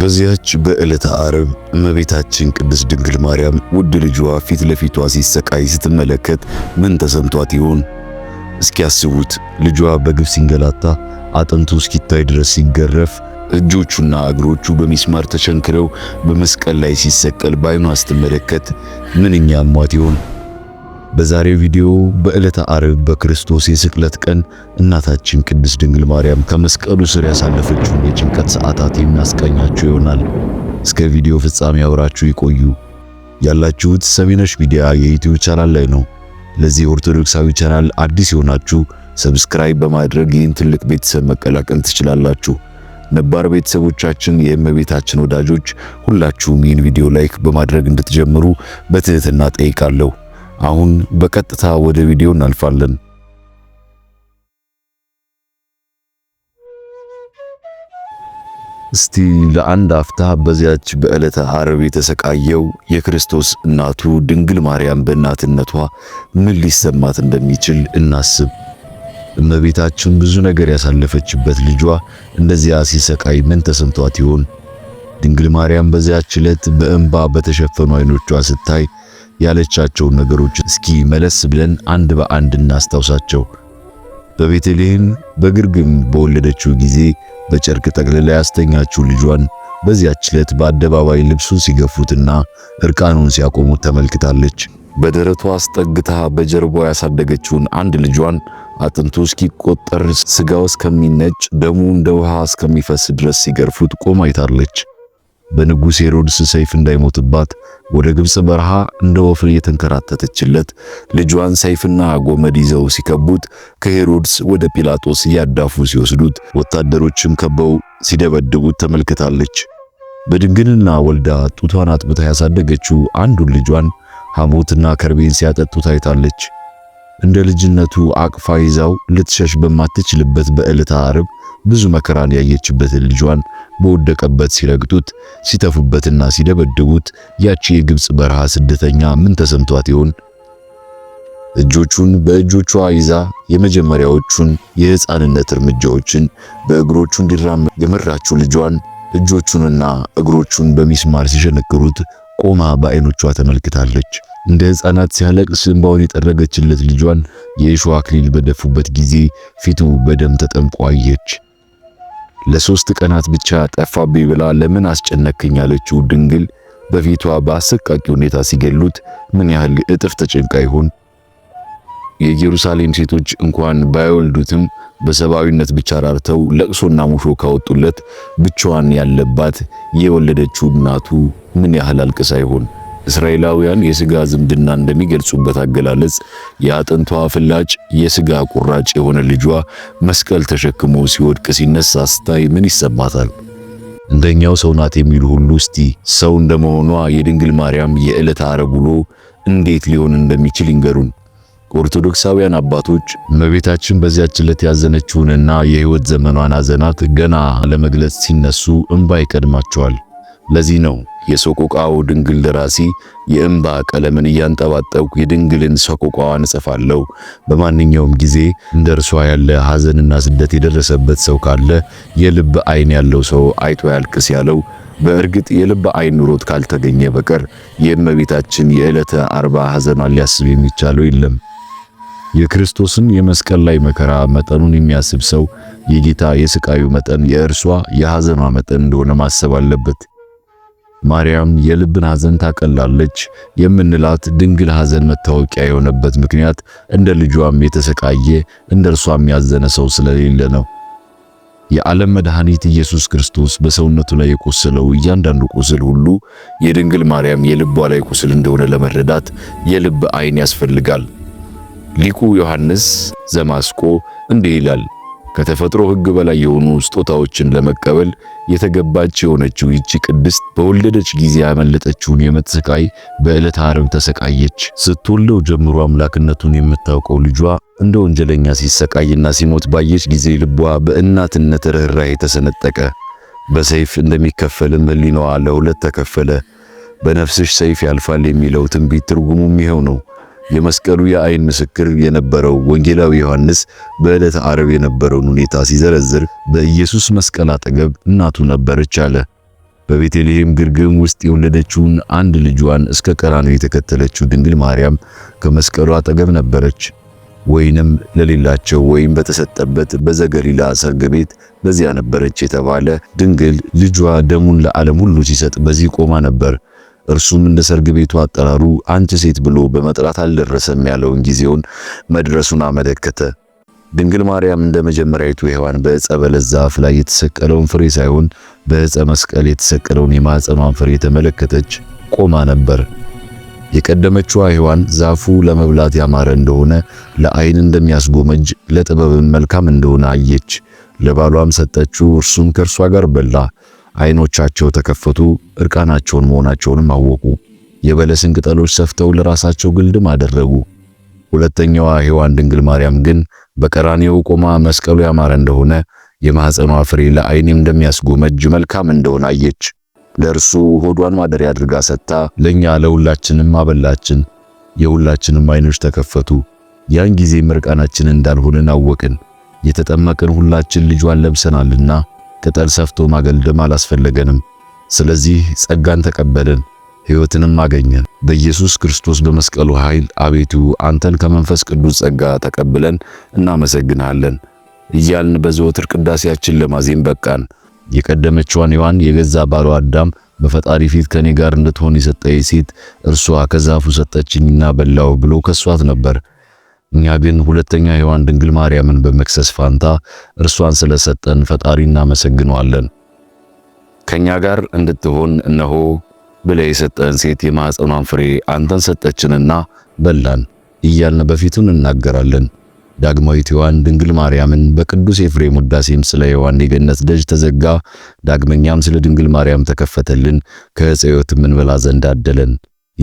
በዚያች በዕለተ ዓርብ እመቤታችን ቅድስት ድንግል ማርያም ውድ ልጇ ፊት ለፊቷ ሲሰቃይ ስትመለከት ምን ተሰምቷት ይሆን? እስኪያስቡት ልጇ በግብ ሲንገላታ አጥንቱ እስኪታይ ድረስ ሲገረፍ እጆቹና እግሮቹ በሚስማር ተቸንክረው በመስቀል ላይ ሲሰቀል ባይኗ ስትመለከት ምንኛ አሟት ይሆን? በዛሬው ቪዲዮ በዕለተ ዓርብ በክርስቶስ የስቅለት ቀን እናታችን ቅድስት ድንግል ማርያም ከመስቀሉ ስር ያሳለፈችውን የጭንቀት ሰዓታት የሚያስቃኛችሁ ይሆናል። እስከ ቪዲዮ ፍጻሜ አብራችሁ ይቆዩ። ያላችሁት ሰሚነሽ ሚዲያ የዩቲዩብ ቻናል ላይ ነው። ለዚህ ኦርቶዶክሳዊ ቻናል አዲስ የሆናችሁ ሰብስክራይብ በማድረግ ይህን ትልቅ ቤተሰብ መቀላቀል ትችላላችሁ። ነባር ቤተሰቦቻችን የእመቤታችን ወዳጆች ሁላችሁም ይህን ቪዲዮ ላይክ በማድረግ እንድትጀምሩ በትህትና ጠይቃለሁ። አሁን በቀጥታ ወደ ቪዲዮ እናልፋለን። እስቲ ለአንድ አፍታ በዚያች በዕለተ ዓርብ የተሰቃየው የክርስቶስ እናቱ ድንግል ማርያም በእናትነቷ ምን ሊሰማት እንደሚችል እናስብ። እመቤታችን ብዙ ነገር ያሳለፈችበት ልጇ እንደዚያ ሲሰቃይ ምን ተሰምቷት ይሆን? ድንግል ማርያም በዚያች ዕለት በእንባ በተሸፈኑ ዓይኖቿ ስታይ ያለቻቸውን ነገሮች እስኪ መለስ ብለን አንድ በአንድ እናስታውሳቸው። በቤተልሔም በግርግም በወለደችው ጊዜ በጨርቅ ጠቅልላ ያስተኛችው ልጇን በዚያች ዕለት በአደባባይ ልብሱን ሲገፉትና እርቃኑን ሲያቆሙት ተመልክታለች። በደረቷ አስጠግታ በጀርባ ያሳደገችውን አንድ ልጇን አጥንቱ እስኪቆጠር፣ ስጋው እስከሚነጭ፣ ደሙ እንደ ውሃ እስከሚፈስ ድረስ ሲገርፉት ቆማይታለች። በንጉሥ ሄሮድስ ሰይፍ እንዳይሞትባት ወደ ግብጽ በረሃ እንደ ወፍር የተንከራተተችለት ልጇን ሰይፍና ጎመድ ይዘው ሲከቡት ከሄሮድስ ወደ ጲላጦስ እያዳፉ ሲወስዱት ወታደሮችም ከበው ሲደበድቡት ተመልክታለች። በድንግልና ወልዳ ጡቷን አጥብታ ያሳደገችው አንዱን ልጇን ሐሞትና ከርቤን ሲያጠጡ ታይታለች። እንደ ልጅነቱ አቅፋ ይዛው ልትሸሽ በማትችልበት በዕለተ ዓርብ ብዙ መከራን ያየችበትን ልጇን በወደቀበት ሲረግጡት ሲተፉበትና ሲደበድቡት ያቺ የግብፅ በረሃ ስደተኛ ምን ተሰምቷት ይሆን? እጆቹን በእጆቿ ይዛ የመጀመሪያዎቹን የሕፃንነት እርምጃዎችን በእግሮቹ እንዲራመድ የመራችው ልጇን እጆቹንና እግሮቹን በሚስማር ሲሸነክሩት ቆማ በዓይኖቿ ተመልክታለች። እንደ ሕፃናት ሲያለቅስ እንባውን የጠረገችለት ልጇን የእሾህ አክሊል በደፉበት ጊዜ ፊቱ በደም ተጠምቆ አየች። ለሶስት ቀናት ብቻ ጠፋብኝ ብላ ለምን አስጨነከኝ ያለችው ድንግል በፊቷ በአሰቃቂ ሁኔታ ሲገሉት ምን ያህል እጥፍ ተጨንቃ ይሆን? የኢየሩሳሌም ሴቶች እንኳን ባይወልዱትም በሰብአዊነት ብቻ ራርተው ለቅሶና ሙሾ ካወጡለት ብቻዋን ያለባት የወለደችው እናቱ ምን ያህል አልቅሳ ይሆን? እስራኤላውያን የስጋ ዝምድና እንደሚገልጹበት አገላለጽ የአጥንቷ ፍላጭ የስጋ ቁራጭ የሆነ ልጇ መስቀል ተሸክሞ ሲወድቅ ሲነሳ ስታይ ምን ይሰማታል? እንደኛው ሰው ናት የሚሉ ሁሉ እስቲ ሰው እንደመሆኗ የድንግል ማርያም የዕለት ዓርብ ውሎ እንዴት ሊሆን እንደሚችል ይንገሩን። ኦርቶዶክሳውያን አባቶች እመቤታችን በዚያች ዕለት ያዘነችውንና የሕይወት ዘመኗን አዘናት ገና ለመግለጽ ሲነሱ እንባ ይቀድማቸዋል። ለዚህ ነው የሰቆቃው ድንግል ደራሲ የእምባ ቀለምን እያንጠባጠብኩ የድንግልን ሰቆቃዋን እጽፋለሁ። በማንኛውም ጊዜ እንደ እርሷ ያለ ሐዘንና ስደት የደረሰበት ሰው ካለ የልብ ዓይን ያለው ሰው አይቶ ያልቅስ ያለው በእርግጥ የልብ ዓይን ኑሮት ካልተገኘ በቀር የእመቤታችን የዕለተ አርባ ሐዘኗን ሊያስብ የሚቻለው የለም። የክርስቶስን የመስቀል ላይ መከራ መጠኑን የሚያስብ ሰው የጌታ የስቃዩ መጠን የእርሷ የሐዘኗ መጠን እንደሆነ ማሰብ አለበት። ማርያም የልብን ሐዘን ታቀላለች የምንላት ድንግል ሐዘን መታወቂያ የሆነበት ምክንያት እንደ ልጇም የተሰቃየ እንደ እርሷም ያዘነ ሰው ስለሌለ ነው። የዓለም መድኃኒት ኢየሱስ ክርስቶስ በሰውነቱ ላይ የቆሰለው እያንዳንዱ ቁስል ሁሉ የድንግል ማርያም የልቧ ላይ ቁስል እንደሆነ ለመረዳት የልብ ዓይን ያስፈልጋል። ሊቁ ዮሐንስ ዘማስቆ እንዲህ ይላል። ከተፈጥሮ ሕግ በላይ የሆኑ ስጦታዎችን ለመቀበል የተገባች የሆነችው ይቺ ቅድስት በወለደች ጊዜ ያመለጠችውን የምጥ ስቃይ በዕለተ ዓርብ ተሰቃየች። ስትወልደው ጀምሮ አምላክነቱን የምታውቀው ልጇ እንደ ወንጀለኛ ሲሰቃይና ሲሞት ባየች ጊዜ ልቧ በእናትነት ርኅራኄ ተሰነጠቀ። በሰይፍ እንደሚከፈልም ሕሊናዋ ለሁለት ተከፈለ። በነፍስሽ ሰይፍ ያልፋል የሚለው ትንቢት ትርጉሙም ይኸው ነው። የመስቀሉ የአይን ምስክር የነበረው ወንጌላዊ ዮሐንስ በዕለተ ዓርብ የነበረውን ሁኔታ ሲዘረዝር በኢየሱስ መስቀል አጠገብ እናቱ ነበረች አለ። በቤተልሔም ግርግም ውስጥ የወለደችውን አንድ ልጇን እስከ ቀራንዮ የተከተለችው ድንግል ማርያም ከመስቀሉ አጠገብ ነበረች። ወይንም ለሌላቸው ወይም በተሰጠበት በዘገሊላ ሰርግ ቤት በዚያ ነበረች የተባለ ድንግል ልጇ ደሙን ለዓለም ሁሉ ሲሰጥ በዚህ ቆማ ነበር። እርሱም እንደ ሰርግ ቤቱ አጠራሩ አንቺ ሴት ብሎ በመጥራት አልደረሰም ያለውን ጊዜውን መድረሱን አመለከተ። ድንግል ማርያም እንደ መጀመሪያዊቱ ሔዋን በዕፀ በለስ ዛፍ ላይ የተሰቀለውን ፍሬ ሳይሆን በዕፀ መስቀል የተሰቀለውን የማኅፀኗን ፍሬ ተመለከተች፣ ቆማ ነበር። የቀደመችዋ ሔዋን ዛፉ ለመብላት ያማረ እንደሆነ፣ ለዓይን እንደሚያስጎመጅ፣ ለጥበብም መልካም እንደሆነ አየች። ለባሏም ሰጠችው፣ እርሱም ከእርሷ ጋር በላ። አይኖቻቸው ተከፈቱ፣ እርቃናቸውን መሆናቸውንም አወቁ። የበለስን ቅጠሎች ሰፍተው ለራሳቸው ግልድም አደረጉ። ሁለተኛዋ ሔዋን ድንግል ማርያም ግን በቀራኔው ቆማ መስቀሉ ያማረ እንደሆነ የማኅፀኗ ፍሬ ለዓይንም እንደሚያስጎመጅ መልካም እንደሆነ አየች። ለእርሱ ሆዷን ማደሪያ አድርጋ ሰጥታ ለኛ ለሁላችንም አበላችን። የሁላችንም አይኖች ተከፈቱ። ያን ጊዜ ምርቃናችን እንዳልሆንን አወቅን። የተጠመቅን ሁላችን ልጇን ለብሰናልና ቅጠል ሰፍቶ ማገልደም አላስፈለገንም። ስለዚህ ጸጋን ተቀበልን፣ ሕይወትንም አገኘን። በኢየሱስ ክርስቶስ በመስቀሉ ኃይል አቤቱ አንተን ከመንፈስ ቅዱስ ጸጋ ተቀብለን እናመሰግናለን እያልን በዘወትር ቅዳሴያችን ለማዜም በቃን። የቀደመችዋን ሔዋን የገዛ ባሏ አዳም በፈጣሪ ፊት ከኔ ጋር እንድትሆን የሰጠኝ ሴት እርሷ ከዛፉ ሰጠችኝና በላው ብሎ ከሷት ነበር። እኛ ግን ሁለተኛ ሔዋን ድንግል ማርያምን በመክሰስ ፋንታ እርሷን ስለሰጠን ፈጣሪ እናመሰግነዋለን። ከኛ ጋር እንድትሆን እነሆ ብለህ የሰጠን ሴት የማኅፀኗን ፍሬ አንተን ሰጠችንና በላን እያልን በፊቱን እናገራለን። ዳግማዊት ሔዋን ድንግል ማርያምን በቅዱስ ኤፍሬም ውዳሴም ስለ ሔዋን የገነት ደጅ ተዘጋ፣ ዳግመኛም ስለ ድንግል ማርያም ተከፈተልን፣ ከዕፀ ሕይወትም እንበላ ዘንድ አደለን።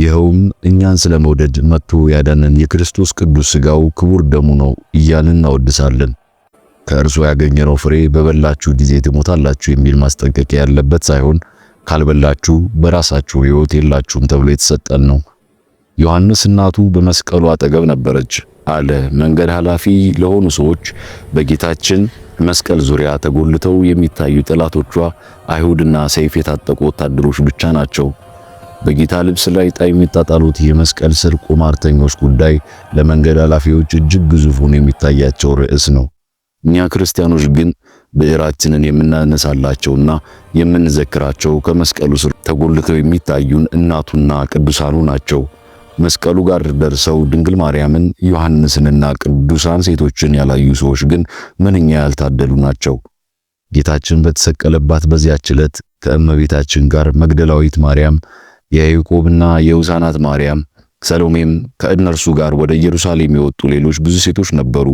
ይኸውም እኛን ስለመውደድ መጥቶ ያዳነን የክርስቶስ ቅዱስ ሥጋው ክቡር ደሙ ነው እያልን እናወድሳለን። ከእርሱ ያገኘነው ፍሬ በበላችሁ ጊዜ ትሞታላችሁ የሚል ማስጠንቀቂያ ያለበት ሳይሆን ካልበላችሁ በራሳችሁ ሕይወት የላችሁም ተብሎ የተሰጠን ነው። ዮሐንስ እናቱ በመስቀሉ አጠገብ ነበረች አለ። መንገድ ኃላፊ ለሆኑ ሰዎች በጌታችን መስቀል ዙሪያ ተጎልተው የሚታዩ ጠላቶቿ አይሁድና ሰይፍ የታጠቁ ወታደሮች ብቻ ናቸው። በጌታ ልብስ ላይ ዕጣ የሚጣጣሉት የመስቀል ስር ቁማርተኞች ጉዳይ ለመንገድ ኃላፊዎች እጅግ ግዙፍ ሆኖ የሚታያቸው ርዕስ ነው። እኛ ክርስቲያኖች ግን ብዕራችንን የምናነሳላቸውና የምንዘክራቸው ከመስቀሉ ስር ተጎልተው የሚታዩን እናቱና ቅዱሳኑ ናቸው። መስቀሉ ጋር ደርሰው ድንግል ማርያምን፣ ዮሐንስንና ቅዱሳን ሴቶችን ያላዩ ሰዎች ግን ምንኛ ያልታደሉ ናቸው። ጌታችን በተሰቀለባት በዚያች ዕለት ከእመቤታችን ጋር መግደላዊት ማርያም የያዕቆብና የውሳናት ማርያም ሰሎሜም ከእነርሱ ጋር ወደ ኢየሩሳሌም የወጡ ሌሎች ብዙ ሴቶች ነበሩ።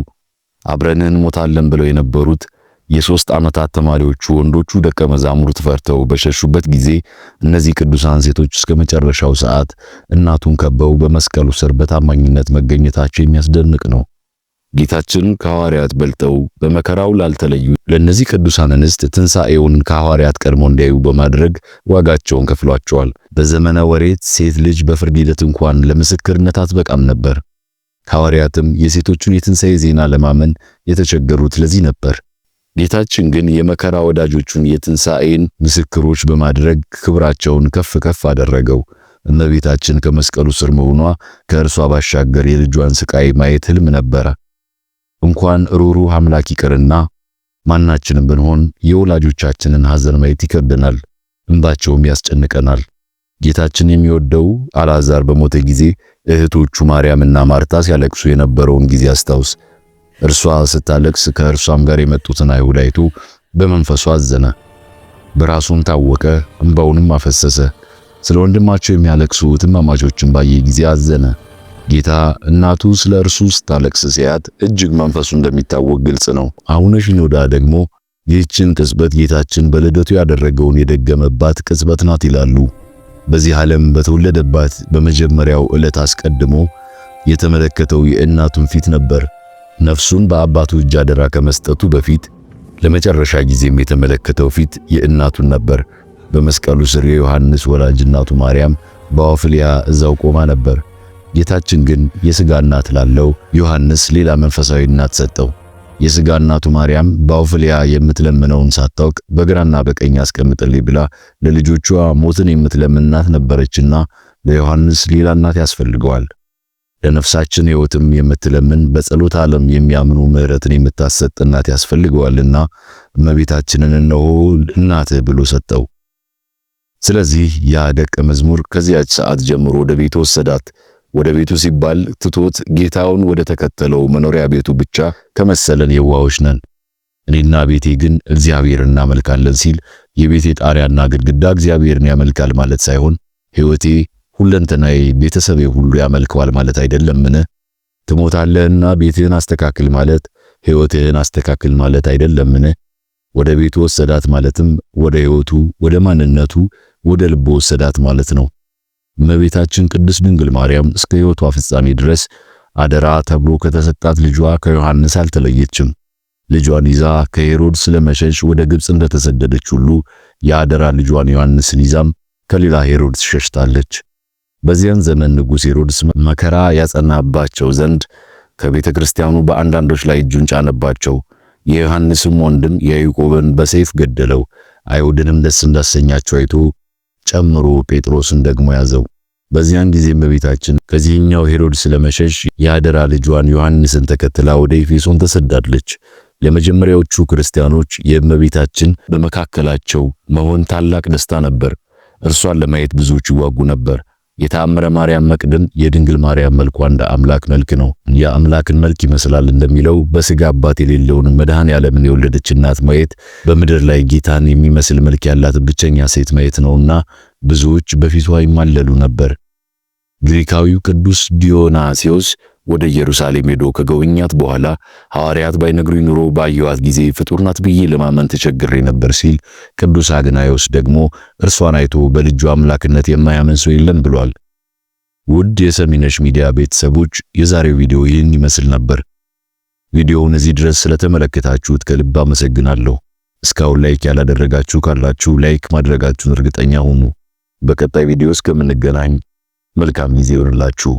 አብረንን እንሞታለን ብለው የነበሩት የሦስት ዓመታት ተማሪዎቹ ወንዶቹ ደቀ መዛሙርት ፈርተው በሸሹበት ጊዜ እነዚህ ቅዱሳን ሴቶች እስከ መጨረሻው ሰዓት እናቱን ከበው በመስቀሉ ስር በታማኝነት መገኘታቸው የሚያስደንቅ ነው። ጌታችን ከሐዋርያት በልጠው በመከራው ላልተለዩ ለእነዚህ ቅዱሳን እንስት ትንሣኤውን ከሐዋርያት ቀድሞ እንዲያዩ በማድረግ ዋጋቸውን ከፍሏቸዋል። በዘመነ ወሬት ሴት ልጅ በፍርድ ሂደት እንኳን ለምስክርነት አትበቃም ነበር። ከሐዋርያትም የሴቶቹን የትንሣኤ ዜና ለማመን የተቸገሩት ለዚህ ነበር። ጌታችን ግን የመከራ ወዳጆቹን የትንሣኤን ምስክሮች በማድረግ ክብራቸውን ከፍ ከፍ አደረገው። እመቤታችን ከመስቀሉ ስር መሆኗ ከእርሷ ባሻገር የልጇን ስቃይ ማየት ህልም ነበራ። እንኳን ሩህሩህ አምላክ ይቅርና ማናችንም ብንሆን የወላጆቻችንን ሐዘን ማየት ይከብደናል፣ እንባቸውም ያስጨንቀናል። ጌታችን የሚወደው አልዓዛር በሞተ ጊዜ እህቶቹ ማርያምና ማርታ ሲያለቅሱ የነበረውን ጊዜ አስታውስ። እርሷ ስታለቅስ ከእርሷም ጋር የመጡትን አይሁድ አይቶ በመንፈሱ አዘነ፣ በራሱም ታወቀ፣ እንባውንም አፈሰሰ። ስለ ወንድማቸው የሚያለቅሱ ትማማቾችን ባየ ጊዜ አዘነ። ጌታ እናቱ ስለ እርሱ ስታለቅስ ሲያት እጅግ መንፈሱ እንደሚታወቅ ግልጽ ነው። አቡነ ሺኖዳ ደግሞ ይህችን ቅጽበት ጌታችን በልደቱ ያደረገውን የደገመባት ቅጽበት ናት ይላሉ። በዚህ ዓለም በተወለደባት በመጀመሪያው ዕለት አስቀድሞ የተመለከተው የእናቱን ፊት ነበር። ነፍሱን በአባቱ እጅ አደራ ከመስጠቱ በፊት ለመጨረሻ ጊዜም የተመለከተው ፊት የእናቱን ነበር። በመስቀሉ ስር የዮሐንስ ወላጅ እናቱ ማርያም በአውፍልያ እዛው ቆማ ነበር። ጌታችን ግን የሥጋ እናት ላለው ዮሐንስ ሌላ መንፈሳዊ እናት ሰጠው። የሥጋ እናቱ ማርያም በአውፍልያ የምትለምነውን ሳታውቅ በግራና በቀኝ አስቀምጥልኝ ብላ ለልጆቿ ሞትን የምትለምን እናት ነበረችና ለዮሐንስ ሌላ እናት ያስፈልገዋል። ለነፍሳችን ሕይወትም የምትለምን በጸሎት ዓለም የሚያምኑ ምሕረትን የምታሰጥ እናት ያስፈልገዋልና እመቤታችንን እነሆ እናት ብሎ ሰጠው። ስለዚህ ያ ደቀ መዝሙር ከዚያች ሰዓት ጀምሮ ወደ ቤት ወሰዳት። ወደ ቤቱ ሲባል ትቶት ጌታውን ወደ ተከተለው መኖሪያ ቤቱ ብቻ ከመሰለን የዋዎች ነን። እኔና ቤቴ ግን እግዚአብሔርን እናመልካለን ሲል የቤቴ ጣሪያና ግድግዳ እግዚአብሔርን ያመልካል ማለት ሳይሆን ሕይወቴ፣ ሁለንተናዬ፣ ቤተሰቤ ሁሉ ያመልከዋል ማለት አይደለምን? ትሞታለህና ቤትህን አስተካክል ማለት ሕይወትህን አስተካክል ማለት አይደለምን? ወደ ቤቱ ወሰዳት ማለትም ወደ ሕይወቱ፣ ወደ ማንነቱ፣ ወደ ልቦ ወሰዳት ማለት ነው። እመቤታችን ቅድስት ድንግል ማርያም እስከ ሕይወቷ ፍጻሜ ድረስ አደራ ተብሎ ከተሰጣት ልጇ ከዮሐንስ አልተለየችም። ልጇን ይዛ ከሄሮድስ ለመሸሽ ወደ ግብጽ እንደተሰደደች ሁሉ የአደራ ልጇን ዮሐንስን ይዛም ከሌላ ሄሮድስ ሸሽታለች። በዚያን ዘመን ንጉሥ ሄሮድስ መከራ ያጸናባቸው ዘንድ ከቤተ ክርስቲያኑ በአንዳንዶች ላይ እጁን ጫነባቸው። የዮሐንስም ወንድም ያዕቆብን በሰይፍ ገደለው። አይሁድንም ደስ እንዳሰኛቸው አይቶ ጨምሮ ጴጥሮስን ደግሞ ያዘው። በዚያን ጊዜ እመቤታችን ከዚህኛው ሄሮድስ ለመሸሽ የአደራ ልጇን ዮሐንስን ተከትላ ወደ ኤፌሶን ተሰዳለች። ለመጀመሪያዎቹ ክርስቲያኖች የእመቤታችን በመካከላቸው መሆን ታላቅ ደስታ ነበር። እርሷን ለማየት ብዙዎች ይዋጉ ነበር። የተአምረ ማርያም መቅደም የድንግል ማርያም መልኳ እንደ አምላክ መልክ ነው። የአምላክን መልክ ይመስላል እንደሚለው በስጋ አባት የሌለውን መድሃን ያለምን የወለደች እናት ማየት በምድር ላይ ጌታን የሚመስል መልክ ያላት ብቸኛ ሴት ማየት ነውና ብዙዎች በፊቷ ይማለሉ ነበር። ግሪካዊው ቅዱስ ዲዮናሲዮስ ወደ ኢየሩሳሌም ሄዶ ከጎበኛት በኋላ ሐዋርያት ባይነግሩኝ ኑሮ ባየዋት ጊዜ ፍጡር ናት ብዬ ለማመን ተቸግሬ ነበር ሲል፣ ቅዱስ አግናዮስ ደግሞ እርሷን አይቶ በልጁ አምላክነት የማያምን ሰው የለም ብሏል። ውድ የሰሚነሽ ሚዲያ ቤተሰቦች የዛሬው ቪዲዮ ይህን ይመስል ነበር። ቪዲዮውን እዚህ ድረስ ስለተመለከታችሁት ከልብ አመሰግናለሁ። እስካሁን ላይክ ያላደረጋችሁ ካላችሁ ላይክ ማድረጋችሁን እርግጠኛ ሁኑ። በቀጣይ ቪዲዮ እስከምንገናኝ መልካም ጊዜ ይሆንላችሁ።